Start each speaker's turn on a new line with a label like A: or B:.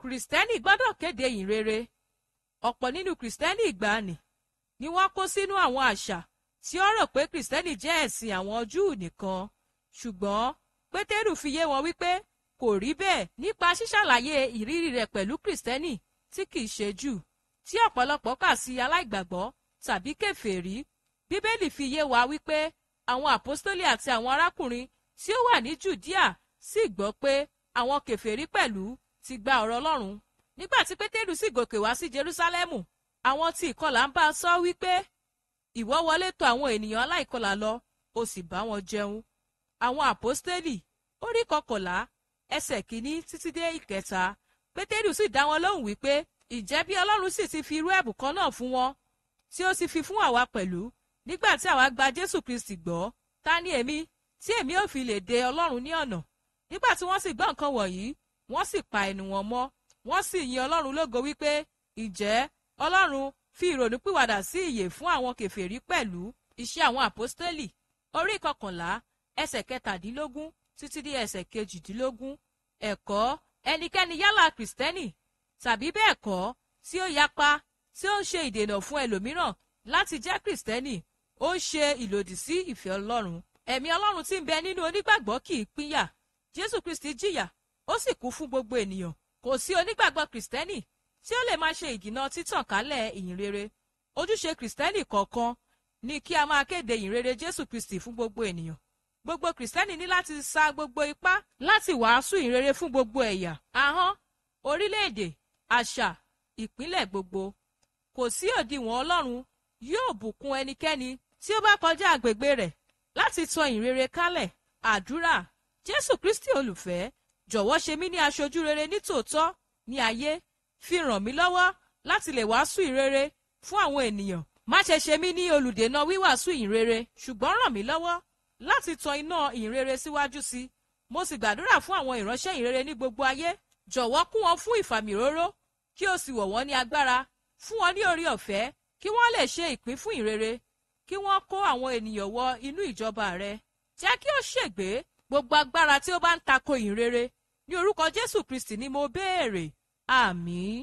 A: kìrìsìtẹ́nì gbọ́dọ̀ kéde ìyìn rere ọ̀pọ̀ nínú kìrìsìtẹ́nì ìgbàanì ni wọ́n kó sínú àwọn àṣà tí ó rò pé kìrìsìtẹ́nì jẹ́ ẹ̀sìn àwọn júù nìkan ṣùgbọ́n pétérù fi yé wọn wípé kò rí bẹ́ẹ̀ nípa ṣíṣàlàyé ìrírí rẹ̀ pẹ̀lú kìrìsìtẹ́nì tí kìí ṣe júù tí ọ̀pọ̀lọpọ̀ kà sí aláìgbàgbọ́ tàbí kèfèrí bíbélì fi yé wa wípé àwọn àpọ́stólì àti àwọn arákùnrin tí ó wà ní jùdíà sì gbọ́ pé àwọn kèfèrí pẹ̀lú ti gba ọ̀rọ̀ ọlọ́run nígbà tí pétérù sì gòkè wá sí jerúsálẹ́mù àwọn tí ìkọlà ń bá a sọ wípé ìwọ wọlé tọ̀ àwọn ènìyàn aláìkọlà lọ o sì bá wọn jẹun àwọn àpọ́stélì orí kọkànlá ẹsẹ̀ kìíní títí dé ìkẹta pétérù sì dá wọn lóhùn wípé ìjẹ́ bí ọlọ́run sì ti fi irú ẹ̀bùn kan náà fún wọn tí ó sì fi fún àwa pẹ̀lú nígbà tí àwa gba jésù kristi gbọ́ ta ni èmi tí èmi ò fi lè de ọlọ́run ní ọ̀nà nígbà tí wọ́n sì gbọ́ nǹkan wọ̀nyí wọ́n sì pa ẹnu wọn mọ́ wọ́n sì yin ọlọ́run lógo wípé ìjẹ́ ọlọ́run fi ìrònúpìwàdà sí ìyè fún àwọn kèfèrí pẹ̀lú iṣẹ́ àwọn àpọ́stélì orí kọkànlá ẹsẹ̀ kẹtàdínlógún títí di ẹsẹ̀ kejìdínlógún ẹ̀kọ́ ẹnikẹ́ni yálà kìrìsìtẹ́nì tàbí bẹ́ẹ̀ kọ́ tí ó yapa tí ó ń ṣe ìdènà fún ẹlòmíràn láti jẹ́ kìrìsìtẹ́nì ó ń ṣe ìlòdì sí ìfẹ́ ọlọ́run ẹ̀mí ọlọ́run tí ń bẹ nínú onígbàgbọ́ kì í pínyà jésù kristi jìyà ó sì kú fún gbogbo ènìyàn kò sí onígbàgbọ́ kìrìsìtẹ́nì tí ó lè máa ṣe ìdìnà títànkálẹ̀ ìyìn rere ojúṣe kìrìsìtẹ́nì kọ̀ọ̀kan ni kí a máa kéde ìyìn rere jésù kristi fún gbogbo ènìyàn gbogbo kìrìsìtẹ́nì ní láti sa gbogbo ipá láti wàásù ìyìn rere fún gbogbo ẹ̀yà ahọ́n orílẹ̀-èdè àṣà ìpínlẹ̀ gbogbo kò sí òdiwọ̀n ọlọ́run yóò bùkún ẹnikẹ́ni tí ó bá kọjá àgbègbè rẹ̀ láti tan ìyìn rere kálẹ̀ àdúrà jésù kristi olùfẹ́ jọ̀wọ́ ṣe mí ní aṣojú rere nítòótọ́ ní ayé fi ràn mí lọ́wọ́ láti lè wàásù ìrere fún àwọn ènìyàn má ṣe ṣe mí ní olùdènà wíwàásù ìrere ṣùgbọ́n ràn mí lọ́wọ́ láti tan iná ìrere síwájú sí i mo sì gbàdúrà fún àwọn ìránṣẹ́ ìrere ní gbogbo ayé jọ̀wọ́ kún wọn fún ìfàmìróró kí o sì wọ̀ wọ́n ní agbára fún wọn ní orí ọ̀fẹ́ kí wọ́n lè ṣe ìpín fún ìrere kí wọ́n kó àwọn ènìyàn wọ inú ìjọba rẹ jẹ́ kí o ṣègbé gbogbo agbára tí ó bá ń tako ìrere ní orúkọ Jésù Kristi ni mo béèrè àmín.